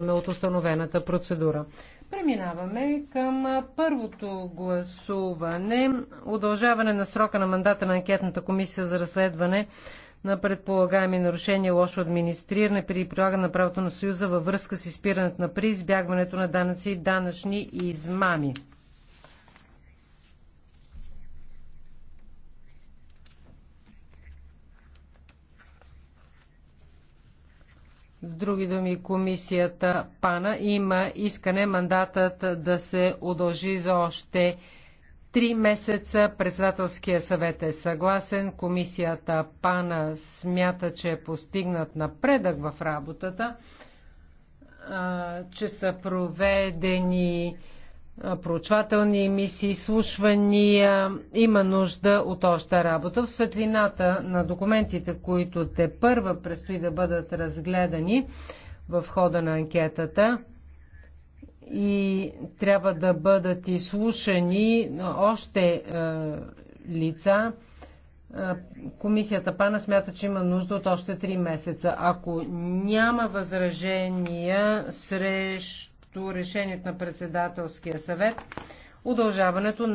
от установената процедура. Преминаваме към първото гласуване. Удължаване на срока на мандата на анкетната комисия за разследване на предполагаеми нарушения, лошо администриране при прилагане на правото на Съюза във връзка с изпирането на при избягването на данъци и данъчни измами. С други думи, комисията ПАНА има искане мандатът да се удължи за още три месеца. Председателския съвет е съгласен. Комисията ПАНА смята, че е постигнат напредък в работата, че са проведени проучвателни мисии, слушвания. Има нужда от още работа. В светлината на документите, които те първа предстои да бъдат разгледани в хода на анкетата и трябва да бъдат изслушани още е, лица, е, Комисията ПАНА смята, че има нужда от още 3 месеца. Ако няма възражения срещу срещу решението на председателския съвет удължаването на